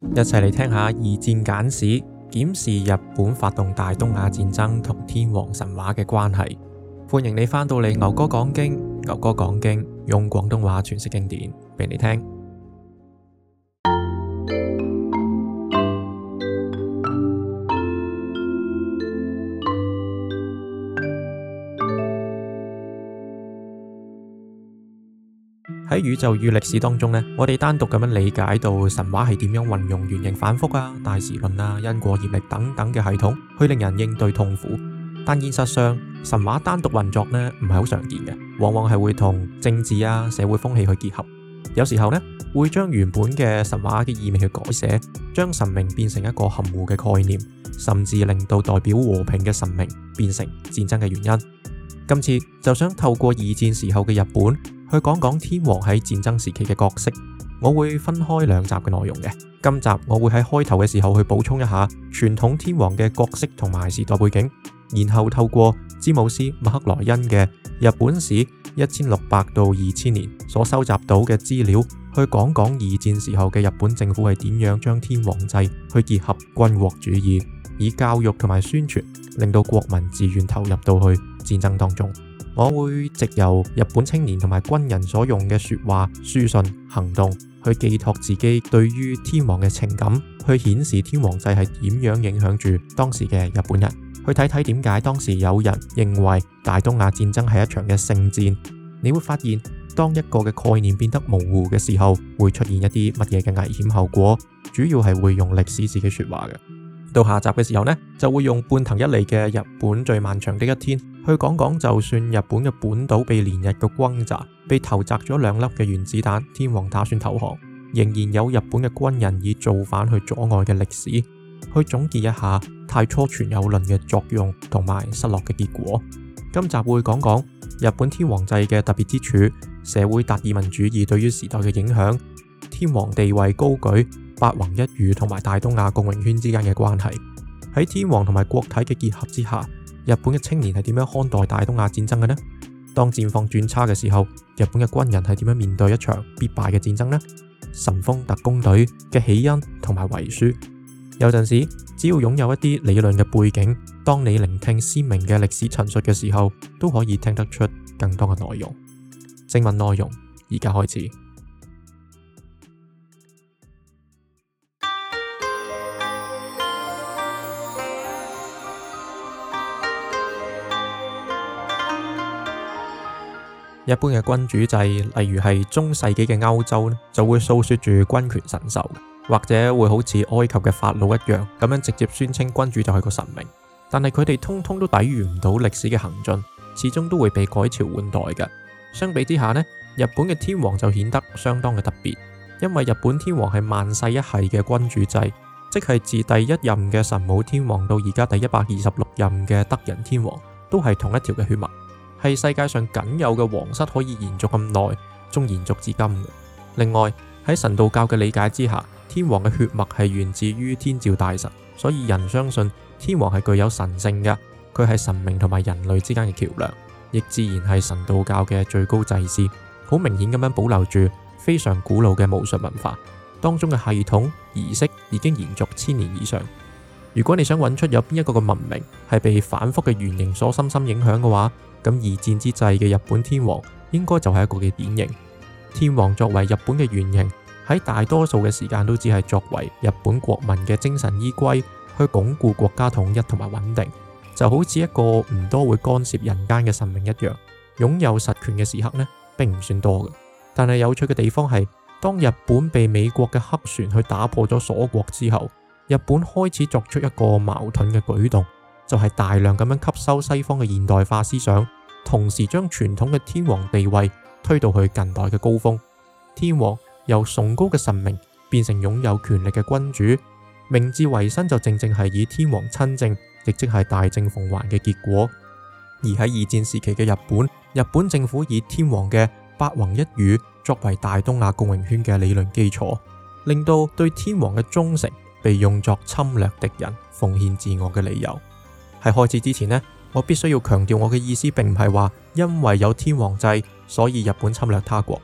一齊嚟聽下二戰簡史，檢視日本發動大東亞戰爭同天皇神話嘅關係。歡迎你返到嚟，牛哥講經，牛哥講經，用廣東話詮釋經典畀你聽。喺宇宙與歷史當中呢，我哋單獨咁樣理解到神話係點樣運用原型反覆啊、大時論啊、因果業力等等嘅系統去令人應對痛苦。但現實上，神話單獨運作呢唔係好常見嘅，往往係會同政治啊、社會風氣去結合。有時候呢，會將原本嘅神話嘅意味去改寫，將神明變成一個含糊嘅概念，甚至令到代表和平嘅神明變成戰爭嘅原因。今次就想透過二戰時候嘅日本去講講天皇喺戰爭時期嘅角色。我會分開兩集嘅內容嘅。今集我會喺開頭嘅時候去補充一下傳統天皇嘅角色同埋時代背景，然後透過詹姆斯·麥克萊恩嘅《日本史一千六百到二千年》所收集到嘅資料去講講二戰時候嘅日本政府係點樣將天皇制去結合軍國主義。以教育同埋宣傳，令到國民自願投入到去戰爭當中。我會藉由日本青年同埋軍人所用嘅說話、書信、行動，去寄託自己對於天皇嘅情感，去顯示天皇制係點樣影響住當時嘅日本人。去睇睇點解當時有人認為大東亞戰爭係一場嘅聖戰。你會發現，當一個嘅概念變得模糊嘅時候，會出現一啲乜嘢嘅危險後果。主要係會用歷史自己說話嘅。到下集嘅時候呢，就會用半藤一利嘅《日本最漫長的一天》去講講，就算日本嘅本島被連日嘅轟炸，被投擲咗兩粒嘅原子彈，天皇打算投降，仍然有日本嘅軍人以造反去阻礙嘅歷史，去總結一下，太初存有論嘅作用同埋失落嘅結果。今集會講講日本天皇制嘅特別之處，社會達爾文主義對於時代嘅影響，天皇地位高舉。八紘一宇同埋大東亞共榮圈之間嘅關係，喺天皇同埋國體嘅結合之下，日本嘅青年係點樣看待大東亞戰爭嘅呢？當戰況轉差嘅時候，日本嘅軍人係點樣面對一場必敗嘅戰爭呢？神風特攻隊嘅起因同埋遺書。有陣時只要擁有一啲理論嘅背景，當你聆聽鮮明嘅歷史陳述嘅時候，都可以聽得出更多嘅內容。正文內容，而家開始。一般嘅君主制，例如係中世紀嘅歐洲咧，就會訴說住君權神授，或者會好似埃及嘅法老一樣，咁樣直接宣稱君主就係個神明。但係佢哋通通都抵禦唔到歷史嘅行進，始終都會被改朝換代嘅。相比之下咧，日本嘅天皇就顯得相當嘅特別，因為日本天皇係萬世一系嘅君主制，即係自第一任嘅神武天皇到而家第一百二十六任嘅德仁天皇，都係同一條嘅血脈。係世界上僅有嘅皇室可以延續咁耐，仲延續至今。另外喺神道教嘅理解之下，天皇嘅血脈係源自於天照大神，所以人相信天皇係具有神性嘅。佢係神明同埋人類之間嘅橋樑，亦自然係神道教嘅最高祭祀。好明顯咁樣保留住非常古老嘅巫術文化當中嘅系統儀式，已經延續千年以上。如果你想揾出有邊一個嘅文明係被反復嘅原型所深深影響嘅話，咁二戰之際，嘅日本天皇，應該就係一個嘅典型。天皇作為日本嘅原型，喺大多數嘅時間都只係作為日本國民嘅精神依歸，去鞏固國家統一同埋穩定，就好似一個唔多會干涉人間嘅神明一樣。擁有實權嘅時刻呢，並唔算多嘅。但係有趣嘅地方係，當日本被美國嘅黑船去打破咗鎖國之後，日本開始作出一個矛盾嘅舉動。就係大量咁樣吸收西方嘅現代化思想，同時將傳統嘅天皇地位推到去近代嘅高峰。天皇由崇高嘅神明變成擁有權力嘅君主。明治維新就正正係以天皇親政，亦即係大政奉還嘅結果。而喺二戰時期嘅日本，日本政府以天皇嘅八紘一宇作為大東亞共榮圈嘅理論基礎，令到對天皇嘅忠誠被用作侵略敵人、奉獻自我嘅理由。喺開始之前呢，我必須要強調我嘅意思，並唔係話因為有天皇制，所以日本侵略他國。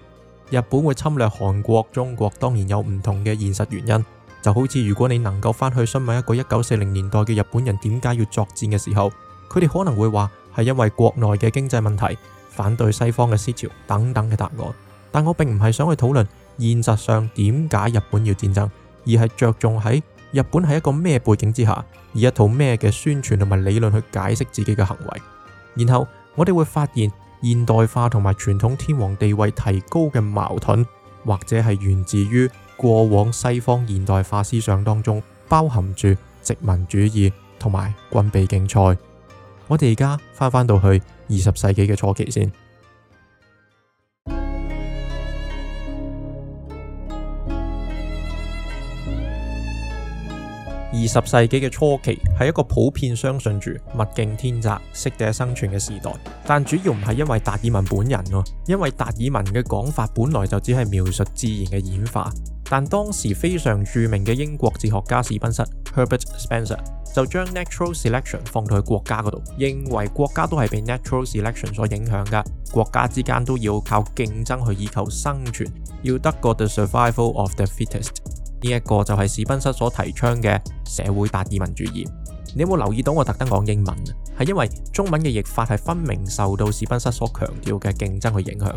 日本會侵略韓國、中國，當然有唔同嘅現實原因。就好似如果你能夠翻去詢問一個一九四零年代嘅日本人，點解要作戰嘅時候，佢哋可能會話係因為國內嘅經濟問題、反對西方嘅思潮等等嘅答案。但我並唔係想去討論現實上點解日本要戰爭，而係着重喺日本係一個咩背景之下。以一套咩嘅宣傳同埋理論去解釋自己嘅行為，然後我哋會發現現代化同埋傳統天皇地位提高嘅矛盾，或者係源自於過往西方現代化思想當中包含住殖民主義同埋軍備競賽。我哋而家翻翻到去二十世紀嘅初期先。二十世紀嘅初期係一個普遍相信住物競天擇、適者生存嘅時代，但主要唔係因為達爾文本人喎，因為達爾文嘅講法本來就只係描述自然嘅演化。但當時非常著名嘅英國哲學家史賓塞、Herbert Spencer 就將 natural selection 放到去國家嗰度，認為國家都係被 natural selection 所影響㗎，國家之間都要靠競爭去以求生存，要得過 the survival of the fittest。呢一個就係史賓塞所提倡嘅社會達爾文主義。你有冇留意到我特登講英文？係因為中文嘅譯法係分明受到史賓塞所強調嘅競爭去影響，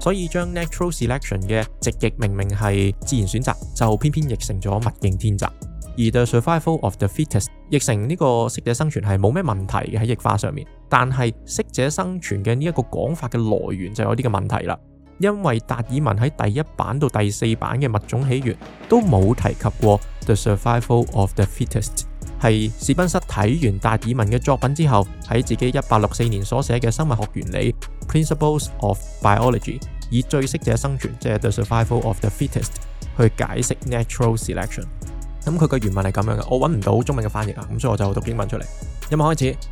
所以將 natural selection 嘅直譯明明係自然選擇，就偏偏譯成咗物競天擇。而 the survival of the fittest 譯成呢個適者生存係冇咩問題嘅，喺譯法上面，但係適者生存嘅呢一個講法嘅來源就有啲嘅問題啦。因為達爾文喺第一版到第四版嘅物種起源都冇提及過 the survival of the fittest，係史賓塞睇完達爾文嘅作品之後，喺自己一八六四年所寫嘅生物學原理 Principles of Biology 以最適者生存，即係 the survival of the fittest 去解釋 natural selection。咁佢嘅原文係咁樣嘅，我揾唔到中文嘅翻譯啊，咁所以我就讀英文出嚟。咁開始。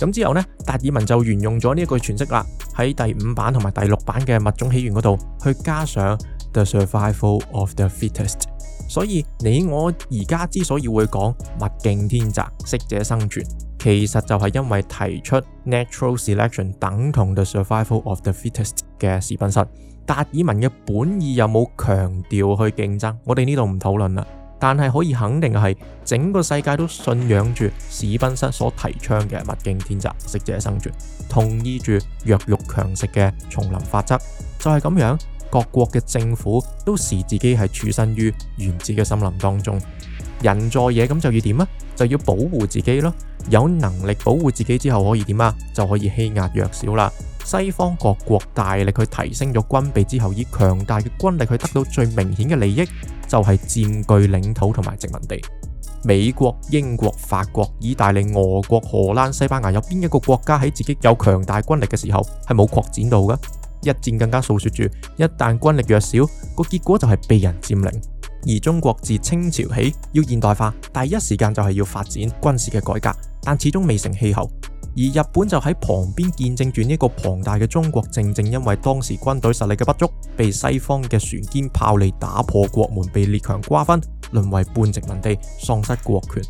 咁之後呢，達爾文就沿用咗呢一個詮釋啦，喺第五版同埋第六版嘅物種起源嗰度去加上 the survival of the fittest。所以你我而家之所以會講物競天擇，適者生存，其實就係因為提出 natural selection 等同 the survival of the fittest 嘅視頻實但係可以肯定嘅係，整個世界都信仰住史賓塞所提倡嘅物競天擇、適者生存，同意住弱肉強食嘅叢林法則。就係咁樣，各國嘅政府都視自己係處身於原始嘅森林當中。人在嘢，咁就要點啊？就要保護自己咯。有能力保護自己之後可以點啊？就可以欺壓弱小啦。西方各國大力去提升咗軍備之後，以強大嘅軍力去得到最明顯嘅利益，就係佔據領土同埋殖民地。美國、英國、法國、意大利、俄國、荷蘭、西班牙，有邊一個國家喺自己有強大軍力嘅時候係冇擴展到嘅？一戰更加訴說住，一旦軍力弱小，個結果就係被人佔領。而中國自清朝起要現代化，第一時間就係要發展軍事嘅改革，但始終未成氣候。而日本就喺旁邊見證住呢個龐大嘅中國，正正因為當時軍隊實力嘅不足，被西方嘅船堅炮利打破國門，被列強瓜分，淪為半殖民地，喪失國權。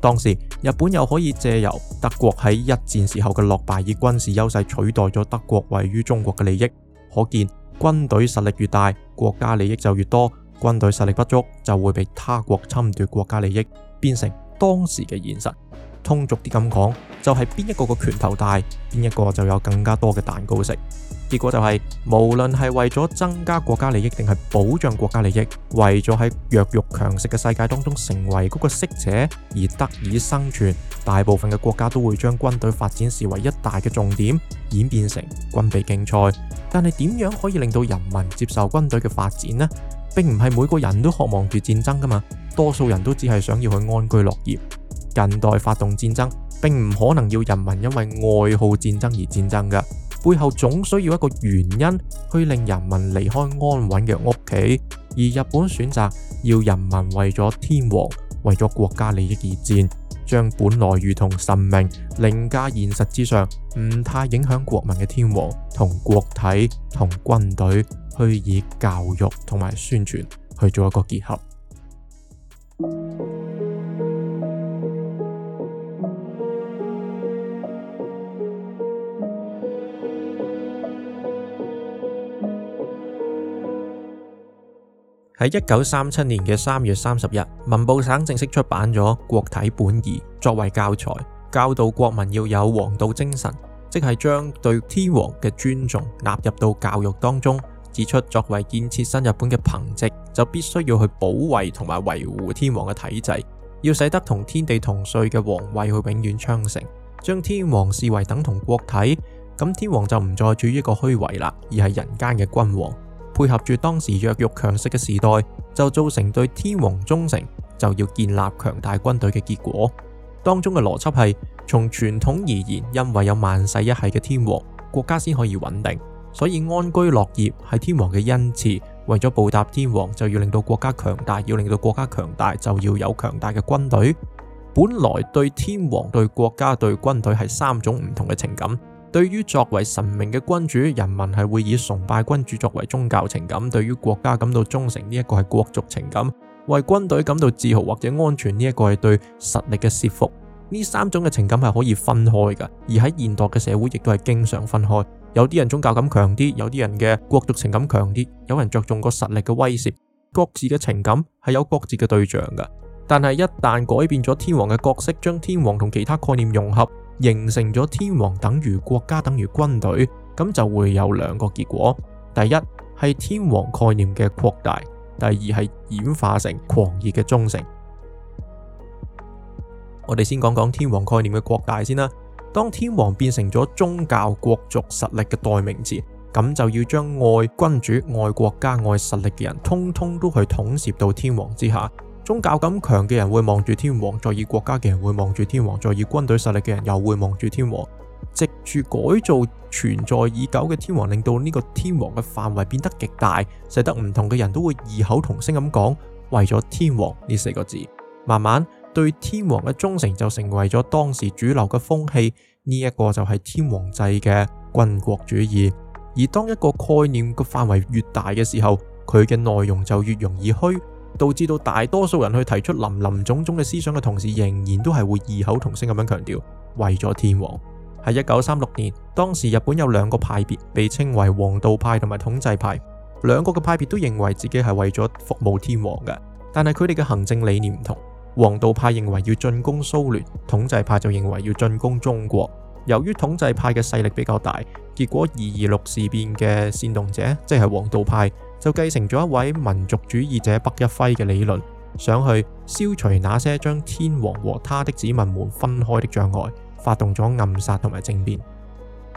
當時日本又可以借由德國喺一戰時候嘅落敗，以軍事優勢取代咗德國位於中國嘅利益。可見軍隊實力越大，國家利益就越多；軍隊實力不足，就會被他國侵奪國家利益，變成當時嘅現實。通俗啲咁講，就係邊一個個拳頭大，邊一個就有更加多嘅蛋糕食。結果就係，無論係為咗增加國家利益定係保障國家利益，為咗喺弱肉強食嘅世界當中成為嗰個適者而得以生存，大部分嘅國家都會將軍隊發展視為一大嘅重點，演變成軍備競賽。但係點樣可以令到人民接受軍隊嘅發展呢？並唔係每個人都渴望住戰爭㗎嘛，多數人都只係想要去安居樂業。近代發動戰爭，並唔可能要人民因為愛好戰爭而戰爭嘅，背後總需要一個原因去令人民離開安穩嘅屋企。而日本選擇要人民為咗天皇、為咗國家利益而戰，將本來如同神明凌駕現實之上，唔太影響國民嘅天皇同國體同軍隊，去以教育同埋宣傳去做一個結合。 喺一九三七年嘅三月三十日，文部省正式出版咗《國體本義》，作為教材，教導國民要有皇道精神，即係將對天皇嘅尊重納入到教育當中。指出作為建設新日本嘅憑藉，就必須要去保衛同埋維護天皇嘅體制，要使得同天地同歲嘅皇位去永遠昌盛，將天皇視為等同國體，咁天皇就唔再只是一個虛偽啦，而係人間嘅君王。配合住當時弱肉強食嘅時代，就造成對天皇忠誠就要建立強大軍隊嘅結果。當中嘅邏輯係從傳統而言，因為有萬世一系嘅天皇，國家先可以穩定，所以安居樂業係天皇嘅恩賜。為咗報答天皇，就要令到國家強大，要令到國家強大就要有強大嘅軍隊。本來對天皇、對國家、對軍隊係三種唔同嘅情感。對於作為神明嘅君主，人民係會以崇拜君主作為宗教情感；對於國家感到忠誠呢一個係國族情感；為軍隊感到自豪或者安全呢一個係對實力嘅懾服。呢三種嘅情感係可以分開嘅，而喺現代嘅社會亦都係經常分開。有啲人宗教感強啲，有啲人嘅國族情感強啲，有人着重個實力嘅威脅。各自嘅情感係有各自嘅對象嘅，但係一旦改變咗天皇嘅角色，將天皇同其他概念融合。形成咗天皇等於國家等於軍隊，咁就會有兩個結果：第一係天皇概念嘅擴大，第二係演化成狂熱嘅忠誠。我哋先講講天皇概念嘅擴大先啦。當天皇變成咗宗教、國族、實力嘅代名詞，咁就要將愛君主、愛國家、愛實力嘅人，通通都去統攝到天皇之下。宗教感強嘅人會望住天皇，在意國家嘅人會望住天皇，在意軍隊實力嘅人又會望住天皇，藉住改造存在已久嘅天皇，令到呢個天皇嘅範圍變得極大，使得唔同嘅人都會異口同聲咁講，為咗天皇呢四個字，慢慢對天皇嘅忠誠就成為咗當時主流嘅風氣。呢一個就係天皇制嘅軍國主義。而當一個概念嘅範圍越大嘅時候，佢嘅內容就越容易虛。導致到大多數人去提出林林種種嘅思想嘅同時，仍然都係會異口同聲咁樣強調，「為咗天皇」。喺一九三六年，當時日本有兩個派別，被稱為皇道派同埋統制派。兩個嘅派別都認為自己係為咗服務天皇嘅，但係佢哋嘅行政理念唔同。皇道派認為要進攻蘇聯，統制派就認為要進攻中國。由於統制派嘅勢力比較大，結果二二六事變嘅煽動者即係、就是、皇道派。就繼承咗一位民族主義者北一輝嘅理論，想去消除那些將天皇和他的子民們分開的障礙，發動咗暗殺同埋政變。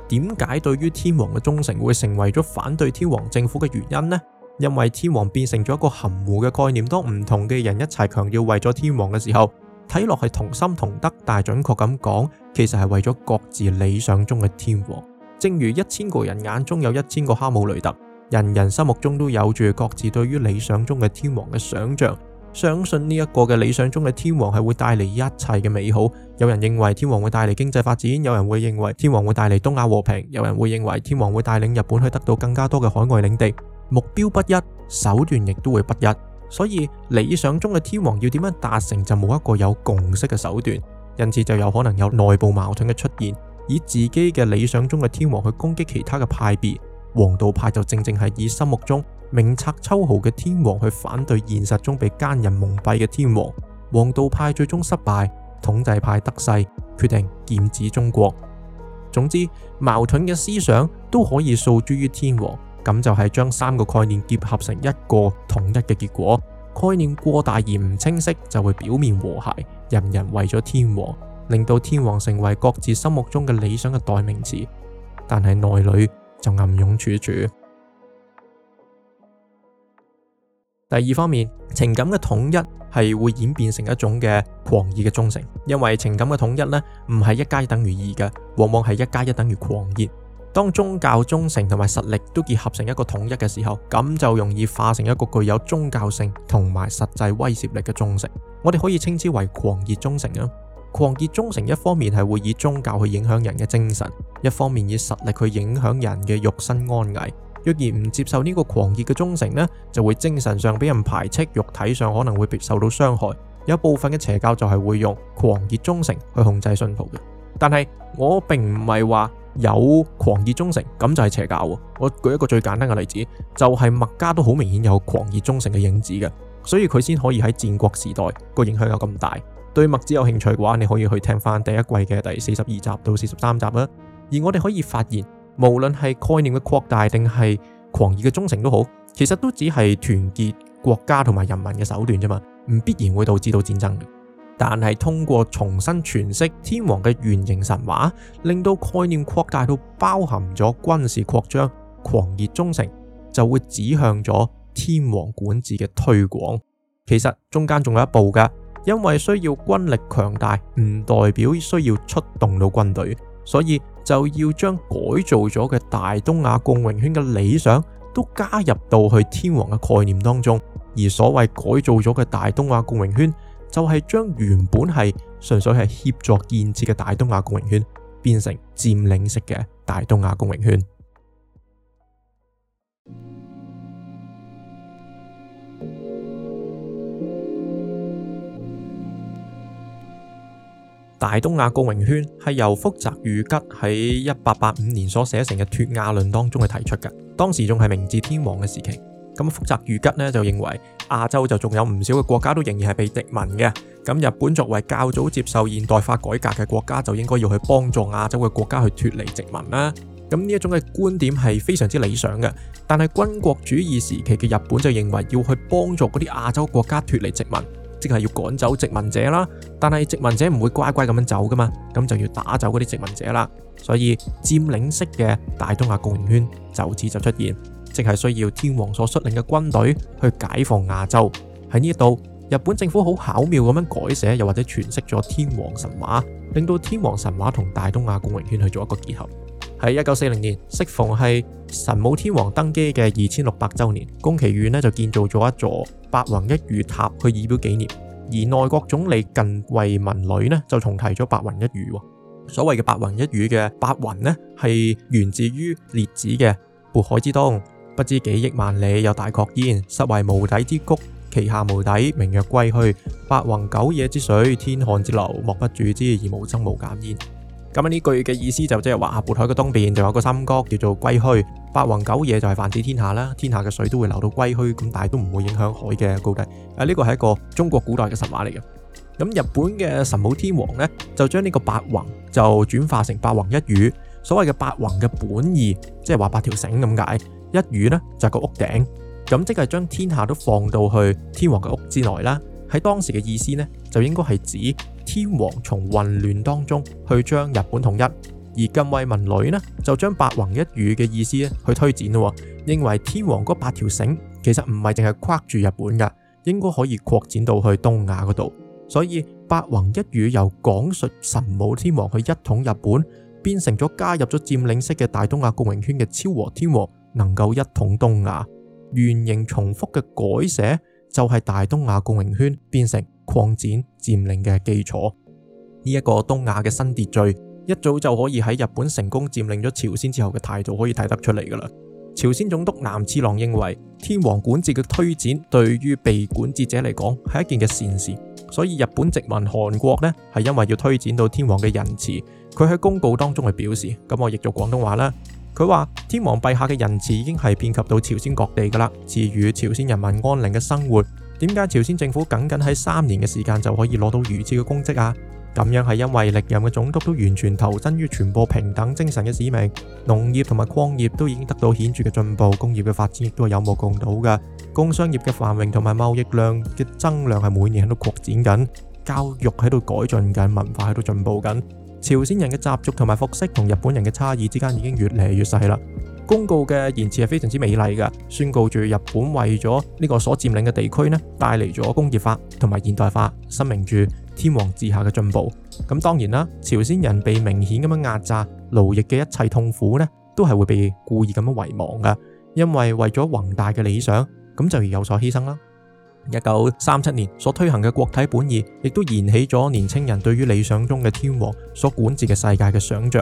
點解對於天皇嘅忠誠會成為咗反對天皇政府嘅原因呢？因為天皇變成咗一個含糊嘅概念，當唔同嘅人一齊強調為咗天皇嘅時候，睇落係同心同德，但係準確咁講，其實係為咗各自理想中嘅天皇。正如一千個人眼中有一千個哈姆雷特。人人心目中都有住各自對於理想中嘅天皇嘅想象，相信呢一個嘅理想中嘅天皇係會帶嚟一切嘅美好。有人認為天皇會帶嚟經濟發展，有人會認為天皇會帶嚟東亞和平，有人會認為天皇會帶領日本去得到更加多嘅海外領地。目標不一，手段亦都會不一，所以理想中嘅天皇要點樣達成就冇一個有共識嘅手段，因此就有可能有內部矛盾嘅出現，以自己嘅理想中嘅天皇去攻擊其他嘅派別。皇道派就正正係以心目中明察秋毫嘅天皇去反對現實中被奸人蒙蔽嘅天皇。皇道派最終失敗，統制派得勢，決定劍指中國。總之，矛盾嘅思想都可以訴諸於天皇，咁就係將三個概念結合成一個統一嘅結果。概念過大而唔清晰，就會表面和諧，人人為咗天皇，令到天皇成為各自心目中嘅理想嘅代名詞，但係內裏，就暗湧處處。第二方面，情感嘅統一係會演變成一種嘅狂熱嘅忠誠，因為情感嘅統一呢，唔係一加一等於二嘅，往往係一加一等於狂熱。當宗教忠誠同埋實力都結合成一個統一嘅時候，咁就容易化成一個具有宗教性同埋實際威脅力嘅忠誠，我哋可以稱之為狂熱忠誠嘅。狂熱忠誠一方面係會以宗教去影響人嘅精神，一方面以實力去影響人嘅肉身安危。若然唔接受呢個狂熱嘅忠誠呢，就會精神上俾人排斥，肉體上可能會受到傷害。有部分嘅邪教就係會用狂熱忠誠去控制信徒嘅。但係我並唔係話有狂熱忠誠咁就係邪教。我舉一個最簡單嘅例子，就係墨家都好明顯有狂熱忠誠嘅影子嘅，所以佢先可以喺戰國時代個影響有咁大。對墨子有興趣嘅話，你可以去聽翻第一季嘅第四十二集到四十三集啦。而我哋可以發現，無論係概念嘅擴大定係狂熱嘅忠誠都好，其實都只係團結國家同埋人民嘅手段啫嘛，唔必然會導致到戰爭。但係通過重新詮釋天皇嘅原型神話，令到概念擴大到包含咗軍事擴張、狂熱忠誠，就會指向咗天皇管治嘅推廣。其實中間仲有一步噶。因為需要軍力強大，唔代表需要出動到軍隊，所以就要將改造咗嘅大東亞共榮圈嘅理想都加入到去天皇嘅概念當中。而所謂改造咗嘅大東亞共榮圈，就係、是、將原本係純粹係協助建設嘅大東亞共榮圈，變成佔領式嘅大東亞共榮圈。大東亞共榮圈係由福澤諭吉喺一八八五年所寫成嘅《脫亞論》當中去提出嘅。當時仲係明治天皇嘅時期，咁福澤諭吉呢就認為亞洲就仲有唔少嘅國家都仍然係被殖民嘅。咁日本作為較早接受現代化改革嘅國家，就應該要去幫助亞洲嘅國家去脫離殖民啦。咁呢一種嘅觀點係非常之理想嘅，但係軍國主義時期嘅日本就認為要去幫助嗰啲亞洲國家脫離殖民。即係要趕走殖民者啦，但係殖民者唔會乖乖咁樣走噶嘛，咁就要打走嗰啲殖民者啦。所以佔領式嘅大東亞共榮圈就此就出現，即係需要天皇所率領嘅軍隊去解放亞洲喺呢一度。日本政府好巧妙咁樣改寫又或者詮釋咗天皇神話，令到天皇神話同大東亞共榮圈去做一個結合。喺一九四零年，適逢係。神武天皇登基嘅二千六百周年，宮崎縣呢就建造咗一座八紘一宇塔去以表紀念，而內閣總理近衛文麿呢就重提咗八紘一宇。所謂嘅八紘一宇嘅八紘呢，係源自於《列子》嘅《渤海之東，不知幾億萬里，有大壑焉，實為無底之谷，其下無底，名曰歸墟。八紘九野之水，天漢之流，莫不注之而無增無減焉。咁呢句嘅意思就即係話下渤海嘅東邊，仲有個三角叫做歸墟。八紘九野就係泛指天下啦，天下嘅水都會流到歸墟，咁但係都唔會影響海嘅高低。啊，呢、這個係一個中國古代嘅神話嚟嘅。咁、啊、日本嘅神武天皇呢，就將呢個八紘就轉化成八紘一宇。所謂嘅八紘嘅本意，即係話八條繩咁解，一宇呢，就係、是、個屋頂。咁即係將天下都放到去天皇嘅屋之內啦。喺當時嘅意思呢，就應該係指。天皇從混亂當中去將日本統一，而近衛文麿呢就將八紘一宇嘅意思呢去推展咯，認為天皇嗰八條繩其實唔係淨係框住日本噶，應該可以擴展到去東亞嗰度，所以八紘一宇由講述神武天皇去一統日本，變成咗加入咗佔領式嘅大東亞共榮圈嘅昭和天皇，能夠一統東亞，原型重複嘅改寫就係大東亞共榮圈變成擴展佔領嘅基礎，呢一個東亞嘅新秩序，一早就可以喺日本成功佔領咗朝鮮之後嘅態度可以睇得出嚟噶啦。朝鮮總督南次郎認為天皇管治嘅推展對於被管治者嚟講係一件嘅善事，所以日本殖民韓國呢，係因為要推展到天皇嘅仁慈，佢喺公告當中係表示，咁我譯做廣東話啦，佢話天皇陛下嘅仁慈已經係遍及到朝鮮各地噶啦，賜予朝鮮人民安寧嘅生活。點解朝鮮政府僅僅喺三年嘅時間就可以攞到如此嘅功績啊？咁樣係因為歷任嘅總督都完全投身於傳播平等精神嘅使命，農業同埋礦業都已經得到顯著嘅進步，工業嘅發展亦都係有目共睹嘅，工商業嘅繁榮同埋貿易量嘅增量係每年喺度擴展緊，教育喺度改進緊，文化喺度進步緊，朝鮮人嘅習俗同埋服飾同日本人嘅差異之間已經越嚟越細啦。公告嘅言辭係非常之美麗嘅，宣告住日本為咗呢個所佔領嘅地區呢，帶嚟咗工業化同埋現代化，申明住天皇治下嘅進步。咁當然啦，朝鮮人被明顯咁樣壓榨勞役嘅一切痛苦呢，都係會被故意咁樣遺忘噶，因為為咗宏大嘅理想，咁就而有所犧牲啦。一九三七年所推行嘅國體本義，亦都燃起咗年輕人對於理想中嘅天皇所管治嘅世界嘅想象。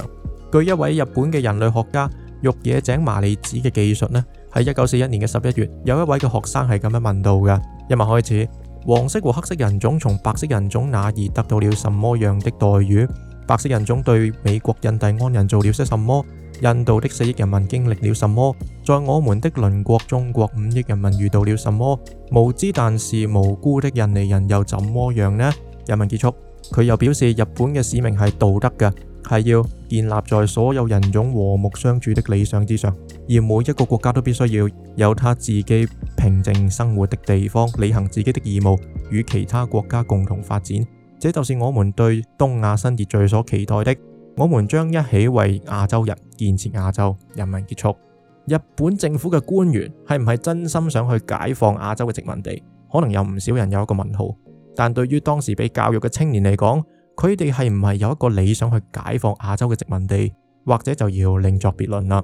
據一位日本嘅人類學家。玉野井麻利子嘅技術呢，喺一九四一年嘅十一月，有一位嘅學生係咁樣問道嘅：「一問開始，黃色和黑色人種從白色人種那兒得到了什麼樣的待遇？白色人種對美國印第安人做了些什麼？印度的四億人民經歷了什麼？在我們的鄰國中國，五億人民遇到了什麼？無知但是無辜的印尼人又怎麼樣呢？一問結束，佢又表示日本嘅使命係道德嘅。係要建立在所有人種和睦相處的理想之上，而每一個國家都必須要有他自己平靜生活的地方，履行自己的義務，與其他國家共同發展。這就是我們對東亞新秩序所期待的。我們將一起為亞洲人建設亞洲。人民結束。日本政府嘅官員係唔係真心想去解放亞洲嘅殖民地？可能有唔少人有一個問號，但對於當時被教育嘅青年嚟講，佢哋係唔係有一個理想去解放亞洲嘅殖民地，或者就要另作別論啦。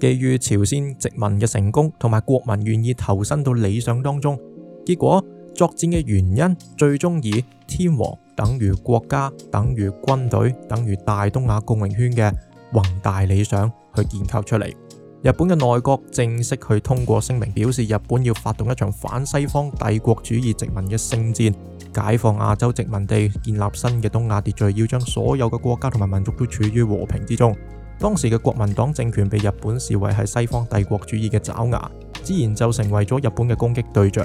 基於朝鮮殖民嘅成功，同埋國民願意投身到理想當中，結果作戰嘅原因最終以天皇等於國家等於軍隊等於大東亞共榮圈嘅宏大理想去建構出嚟。日本嘅內閣正式去通過聲明，表示日本要發動一場反西方帝國主義殖民嘅聖戰，解放亞洲殖民地，建立新嘅東亞秩序，要將所有嘅國家同埋民族都處於和平之中。當時嘅國民黨政權被日本視為係西方帝國主義嘅爪牙，自然就成為咗日本嘅攻擊對象。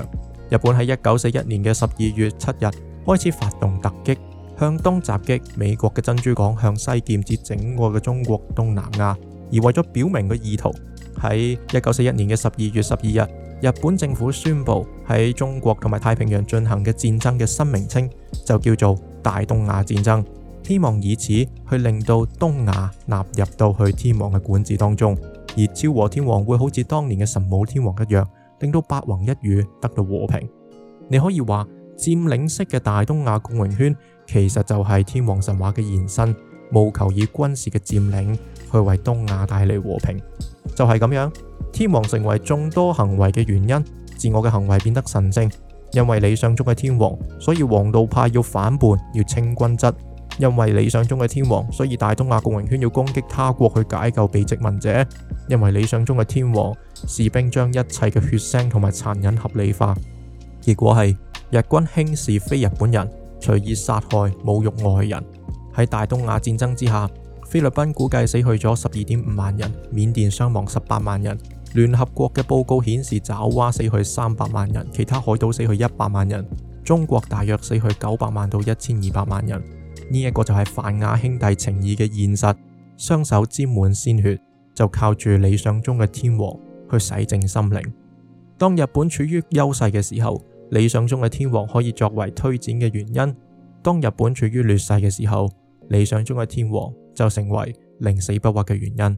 日本喺一九四一年嘅十二月七日開始發動突擊，向東襲擊美國嘅珍珠港，向西劍指整個嘅中國東南亞。而為咗表明個意圖，喺一九四一年嘅十二月十二日，日本政府宣布喺中國同埋太平洋進行嘅戰爭嘅新名稱就叫做大東亞戰爭，希望以此去令到東亞納入到去天皇嘅管治當中，而昭和天皇會好似當年嘅神武天皇一樣，令到八紘一宇得到和平。你可以話佔領式嘅大東亞共榮圈，其實就係天皇神話嘅延伸。務求以軍事嘅佔領去為東亞帶嚟和平，就係、是、咁樣。天皇成為眾多行為嘅原因，自我嘅行為變得神聖。因為理想中嘅天皇，所以皇道派要反叛，要清君側。因為理想中嘅天皇，所以大東亞共榮圈要攻擊他國去解救被殖民者。因為理想中嘅天皇，士兵將一切嘅血腥同埋殘忍合理化。結果係日軍輕視非日本人，隨意殺害、侮辱外人。喺大東亞戰爭之下，菲律賓估計死去咗十二點五萬人，緬甸傷亡十八萬人。聯合國嘅報告顯示爪哇死去三百萬人，其他海島死去一百萬人。中國大約死去九百萬到一千二百萬人。呢、這、一個就係泛亞兄弟情誼嘅現實，雙手沾滿鮮血，就靠住理想中嘅天皇去洗淨心靈。當日本處於優勢嘅時候，理想中嘅天皇可以作為推展嘅原因；當日本處於劣勢嘅時候，理想中嘅天皇就成為寧死不屈嘅原因。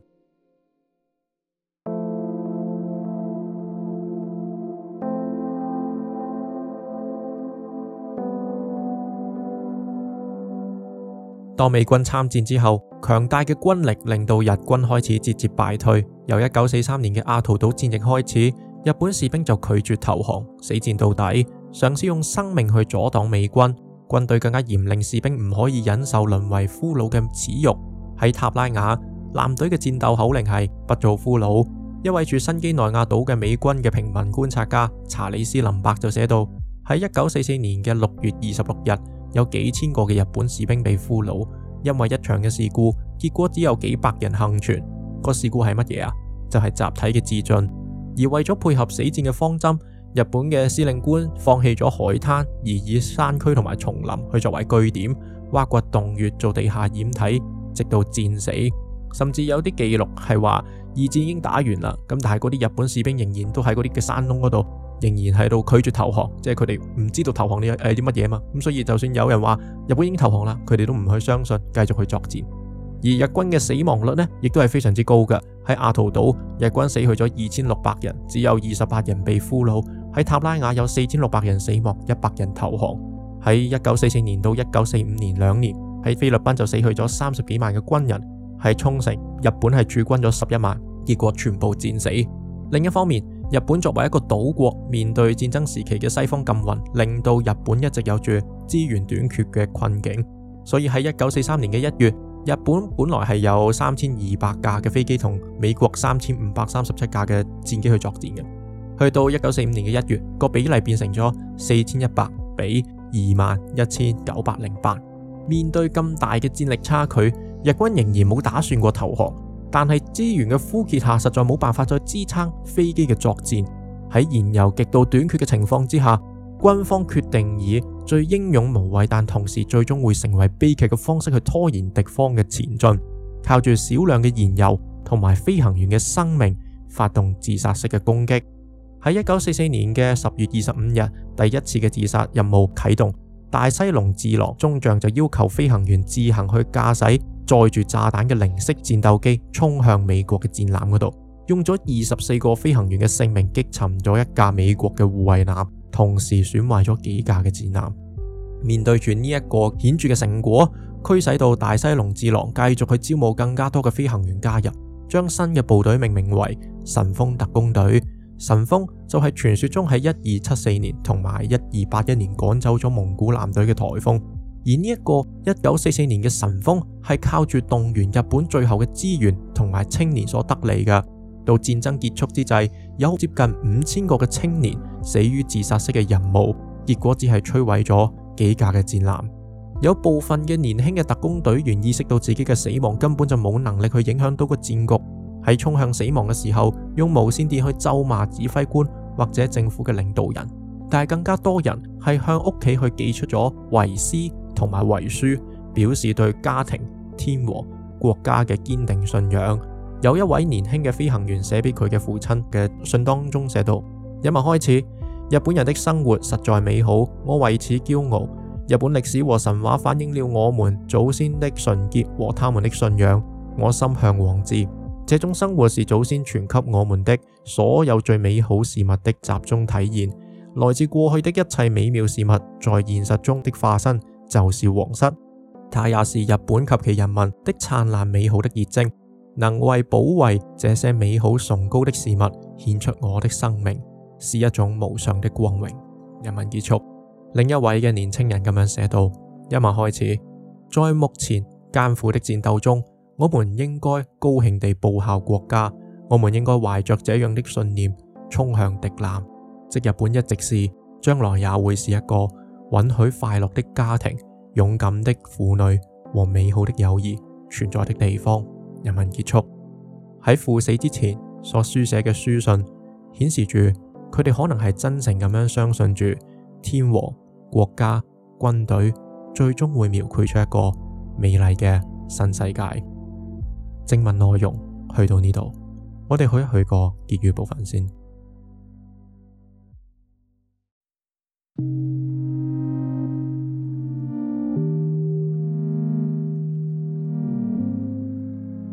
當美軍參戰之後，強大嘅軍力令到日軍開始節節敗退。由一九四三年嘅阿圖島戰役開始，日本士兵就拒絕投降，死戰到底，嘗試用生命去阻擋美軍。軍隊更加嚴令士兵唔可以忍受淪為俘虜嘅恥辱。喺塔拉雅，藍隊嘅戰鬥口令係不做俘虜。一位住新畿內亞島嘅美軍嘅平民觀察家查理斯林伯就寫到：喺一九四四年嘅六月二十六日，有幾千個嘅日本士兵被俘虜，因為一場嘅事故，結果只有幾百人幸存。個事故係乜嘢啊？就係集體嘅自盡，而為咗配合死戰嘅方針。日本嘅司令官放棄咗海灘，而以山區同埋叢林去作為據點，挖掘洞穴做地下掩體，直到戰死。甚至有啲記錄係話二戰已經打完啦，咁但係嗰啲日本士兵仍然都喺嗰啲嘅山窿嗰度，仍然喺度拒絕投降，即係佢哋唔知道投降係啲乜嘢嘛。咁所以就算有人話日本已經投降啦，佢哋都唔去相信，繼續去作戰。而日軍嘅死亡率呢，亦都係非常之高嘅。喺阿圖島，日軍死去咗二千六百人，只有二十八人被俘虜。喺塔拉雅有四千六百人死亡，一百人投降。喺一九四四年到一九四五年兩年，喺菲律賓就死去咗三十幾萬嘅軍人。喺沖繩，日本係駐軍咗十一萬，結果全部戰死。另一方面，日本作為一個島國，面對戰爭時期嘅西方禁運，令到日本一直有住資源短缺嘅困境。所以喺一九四三年嘅一月，日本本來係有三千二百架嘅飛機同美國三千五百三十七架嘅戰機去作戰嘅。去到一九四五年嘅一月，個比例變成咗四千一百比二萬一千九百零八。面對咁大嘅戰力差距，日軍仍然冇打算過投降。但係資源嘅枯竭下，實在冇辦法再支撐飛機嘅作戰。喺燃油極度短缺嘅情況之下，軍方決定以最英勇無畏，但同時最終會成為悲劇嘅方式去拖延敵方嘅前進，靠住少量嘅燃油同埋飛行員嘅生命發動自殺式嘅攻擊。喺一九四四年嘅十月二十五日，第一次嘅自殺任務啟動。大西瀧治郎中將就要求飛行員自行去駕駛載住炸彈嘅零式戰鬥機，衝向美國嘅戰艦嗰度，用咗二十四個飛行員嘅性命擊沉咗一架美國嘅護衛艦，同時損壞咗幾架嘅戰艦。面對住呢一個顯著嘅成果，驅使到大西瀧治郎繼續去招募更加多嘅飛行員加入，將新嘅部隊命名為神風特攻隊。神風就係傳說中喺一二七四年同埋一二八一年趕走咗蒙古艦隊嘅颱風，而呢一個一九四四年嘅神風係靠住動員日本最後嘅資源同埋青年所得嚟嘅。到戰爭結束之際，有接近五千個嘅青年死於自殺式嘅任務，結果只係摧毀咗幾架嘅戰艦。有部分嘅年輕嘅特工隊員意識到自己嘅死亡根本就冇能力去影響到個戰局。喺衝向死亡嘅時候，用無線電去咒罵指揮官或者政府嘅領導人，但係更加多人係向屋企去寄出咗遺詩同埋遺書，表示對家庭、天和國家嘅堅定信仰。有一位年輕嘅飛行員寫俾佢嘅父親嘅信當中寫到：，一物開始，日本人的生活實在美好，我為此驕傲。日本歷史和神話反映了我們祖先的純潔和他們的信仰，我心向往之。這種生活是祖先傳給我們的所有最美好事物的集中體現，來自過去的一切美妙事物在現實中的化身就是皇室，它也是日本及其人民的燦爛美好的熱忱，能為保衛這些美好崇高的事物獻出我的生命，是一種無上的光榮。人民結束。另一位嘅年輕人咁樣寫到：一文開始，在目前艱苦的戰鬥中。我們應該高興地報效國家，我們應該懷着這樣的信念衝向敵艦。即日本一直是，將來也會是一個允許快樂的家庭、勇敢的婦女和美好的友誼存在的地方。人民結束。喺赴死之前所書寫嘅書信，顯示住佢哋可能係真誠咁樣相信住天皇、國家、軍隊最終會描繪出一個美麗嘅新世界。正文內容去到呢度，我哋去一去個結語部分先。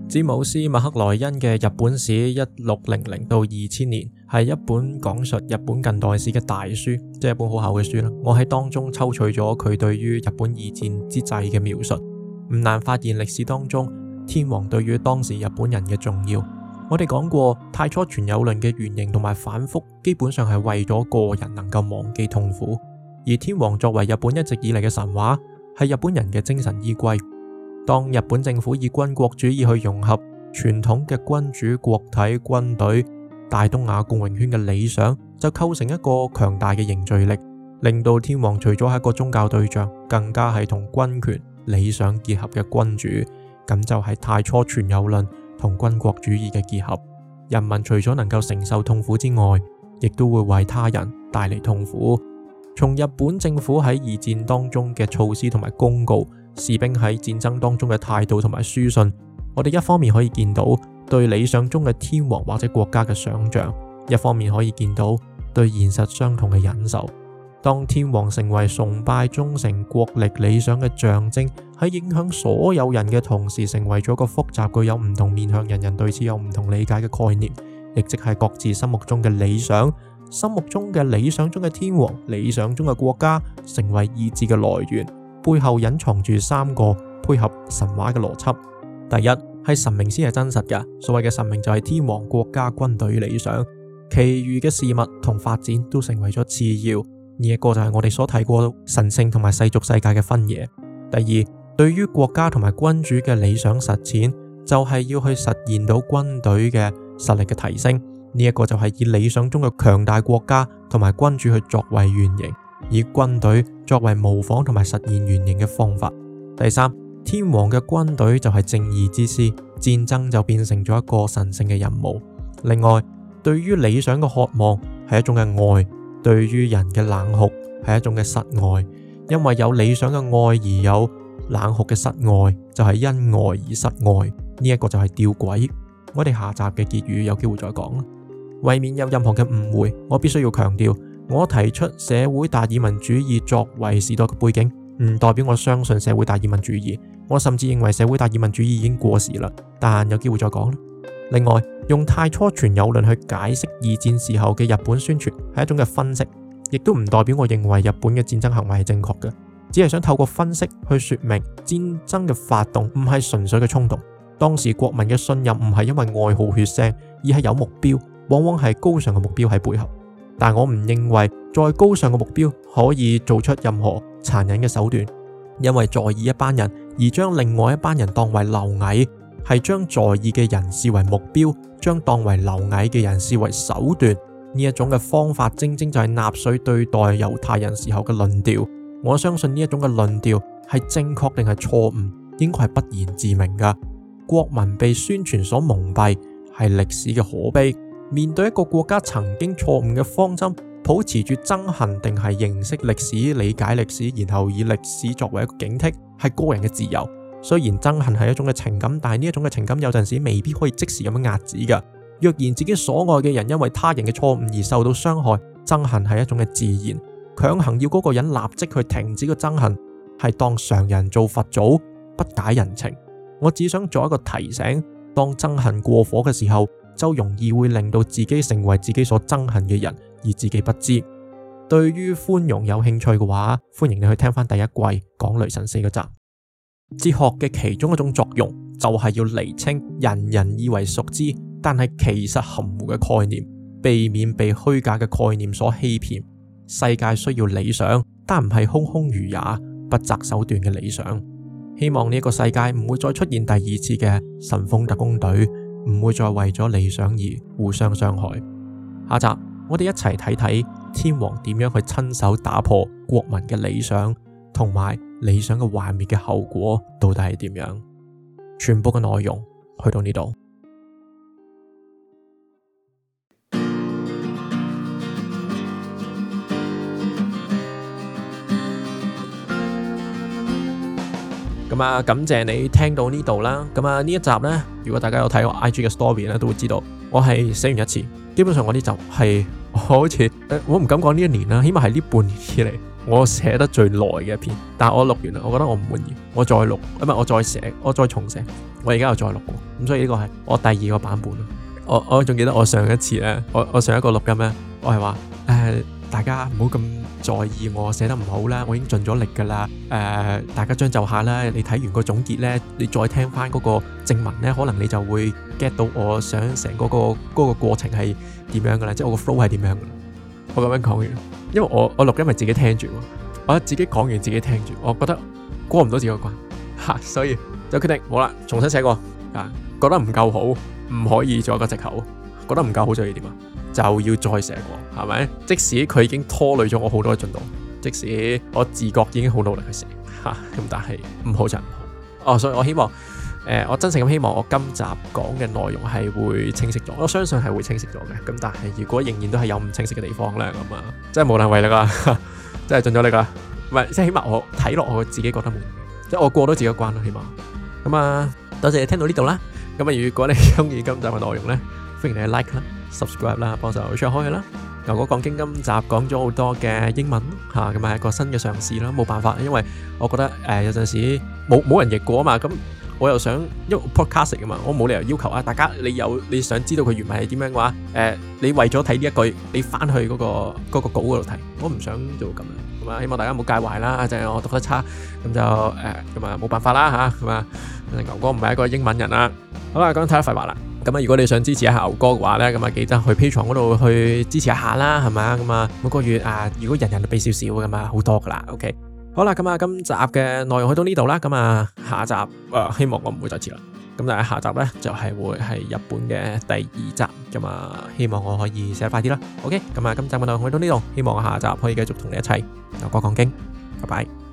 詹姆斯麥克萊恩嘅《日本史一六零零到二千年》係一本講述日本近代史嘅大書，即係一本好厚嘅書啦。我喺當中抽取咗佢對於日本二戰之際嘅描述，唔難發現歷史當中。天皇對於當時日本人嘅重要，我哋講過太初存有論嘅原型同埋反复，基本上係為咗個人能夠忘記痛苦。而天皇作為日本一直以嚟嘅神話，係日本人嘅精神依歸。當日本政府以軍國主義去融合傳統嘅君主國體、軍隊、大東亞共榮圈嘅理想，就構成一個強大嘅凝聚力，令到天皇除咗係一個宗教對象，更加係同軍權理想結合嘅君主。咁就係太初存有論同軍國主義嘅結合，人民除咗能夠承受痛苦之外，亦都會為他人帶嚟痛苦。從日本政府喺二戰當中嘅措施同埋公告，士兵喺戰爭當中嘅態度同埋書信，我哋一方面可以見到對理想中嘅天皇或者國家嘅想象，一方面可以見到對現實相同嘅忍受。當天皇成為崇拜、忠誠、國力理想嘅象徵，喺影響所有人嘅同時，成為咗個複雜、具有唔同面向、人人對此有唔同理解嘅概念，亦即係各自心目中嘅理想，心目中嘅理想中嘅天皇，理想中嘅國家，成為意志嘅來源。背後隱藏住三個配合神話嘅邏輯：第一係神明先係真實嘅，所謂嘅神明就係天皇、國家、軍隊理想，其餘嘅事物同發展都成為咗次要。呢一個就係我哋所睇過神聖同埋世俗世界嘅分野。第二，對於國家同埋君主嘅理想實踐，就係、是、要去實現到軍隊嘅實力嘅提升。呢、這、一個就係以理想中嘅強大國家同埋君主去作為原型，以軍隊作為模仿同埋實現原型嘅方法。第三，天皇嘅軍隊就係正義之師，戰爭就變成咗一個神聖嘅任務。另外，對於理想嘅渴望係一種嘅愛。對於人嘅冷酷係一種嘅失愛，因為有理想嘅愛而有冷酷嘅失愛，就係、是、因愛而失愛，呢、這、一個就係吊詭。我哋下集嘅結語有機會再講啦。為免有任何嘅誤會，我必須要強調，我提出社會達爾文主義作為時代嘅背景，唔代表我相信社會達爾文主義。我甚至認為社會達爾文主義已經過時啦，但有機會再講另外，用太初存有論去解釋二戰時候嘅日本宣傳，係一種嘅分析，亦都唔代表我認為日本嘅戰爭行為係正確嘅，只係想透過分析去說明戰爭嘅發動唔係純粹嘅衝動。當時國民嘅信任唔係因為愛好血腥，而係有目標，往往係高尚嘅目標喺背後。但我唔認為再高尚嘅目標可以做出任何殘忍嘅手段，因為在意一班人而將另外一班人當為螻蟻。係將在意嘅人視為目標，將當為螻蟻嘅人視為手段，呢一種嘅方法，正正就係納粹對待猶太人時候嘅論調。我相信呢一種嘅論調係正確定係錯誤，應該係不言自明㗎。國民被宣傳所蒙蔽，係歷史嘅可悲。面對一個國家曾經錯誤嘅方針，保持住憎恨定係認識歷史、理解歷史，然後以歷史作為一個警惕，係個人嘅自由。雖然憎恨係一種嘅情感，但係呢一種嘅情感有陣時未必可以即時咁樣壓止㗎。若然自己所愛嘅人因為他人嘅錯誤而受到傷害，憎恨係一種嘅自然。強行要嗰個人立即去停止個憎恨，係當常人做佛祖，不解人情。我只想做一個提醒：當憎恨過火嘅時候，就容易會令到自己成為自己所憎恨嘅人，而自己不知。對於寬容有興趣嘅話，歡迎你去聽翻第一季講雷神四個集。哲學嘅其中一種作用，就係要釐清人人以為熟知，但係其實含糊嘅概念，避免被虛假嘅概念所欺騙。世界需要理想，但唔係空空如也、不擇手段嘅理想。希望呢一個世界唔會再出現第二次嘅神風特攻隊，唔會再為咗理想而互相傷害。下集我哋一齊睇睇天皇點樣去親手打破國民嘅理想，同埋。理想嘅幻滅嘅後果到底係點樣？全部嘅內容去到呢度。咁 啊，感謝你聽到呢度啦。咁啊，呢一集呢，如果大家有睇過 IG 嘅 story 呢，都會知道我係寫完一次。基本上我呢集係好似、呃、我唔敢講呢一年啦，起碼係呢半年以嚟。我寫得最耐嘅一篇，但係我錄完啦，我覺得我唔滿意，我再錄，唔係我再寫，我再重寫，我而家又再錄，咁所以呢個係我第二個版本。我我仲記得我上一次咧，我我上一個錄音咧，我係話誒、大家唔好咁在意我寫得唔好啦，我已經盡咗力㗎啦。誒、呃、大家將就下啦，你睇完個總結咧，你再聽翻嗰個正文咧，可能你就會 get 到我想成嗰個嗰、嗰個嗰個、過程係點樣㗎啦，即係我個 flow 係點樣㗎。我咁樣講完，因為我我錄音係自己聽住，我自己講完自己聽住，我覺得過唔到自己個關，吓、啊，所以就決定好啦，重新寫過啊，覺得唔夠好，唔可以做一個借口，覺得唔夠好就要點啊，就要再寫過，係咪？即使佢已經拖累咗我好多嘅進度，即使我自覺已經好努力去寫，吓、啊，咁但係唔好就唔好，哦、啊，所以我希望。誒，我真誠咁希望我今集講嘅內容係會清晰咗，我相信係會清晰咗嘅。咁但係如果仍然都係有唔清晰嘅地方咧，咁啊，真係無能為力啦，真係盡咗力啦。唔係，即係起碼我睇落，我自己覺得冇，即係我過到自己嘅關啦，起碼。咁啊，多謝聽到呢度啦。咁啊，如果你中意今集嘅內容咧，歡迎你 like 啦，subscribe 啦，幫手 share 開啦。牛哥講經今集講咗好多嘅英文吓，咁啊係一個新嘅嘗試啦，冇辦法，因為我覺得誒有陣時冇冇人譯過啊嘛，咁。我又想，因為我 podcast 嚟噶嘛，我冇理由要求啊大家，你有你想知道佢原文係點樣嘅話，誒，你為咗睇呢一句，你翻去嗰個嗰個稿嗰度睇，我唔想做咁樣，希望大家唔好介懷啦，就係我讀得差，咁就誒，咁啊冇辦法啦吓，咁啊牛哥唔係一個英文人啦，好啦，講睇咗廢話啦，咁啊，如果你想支持一下牛哥嘅話咧，咁啊記得去 Patreon 嗰度去支持一下啦，係咪啊？咁啊，每個月啊，如果人人都俾少少嘅嘛，好多噶啦，OK。好啦，咁啊，今集嘅內容去到呢度啦。咁啊，下集誒，希望我唔會再遲啦。咁但係下集咧就係會係日本嘅第二集。咁啊，希望我可以寫快啲啦。OK，咁啊，今集嘅內容去到呢度，希望我下集可以繼續同你一齊牛哥，講講經。拜拜。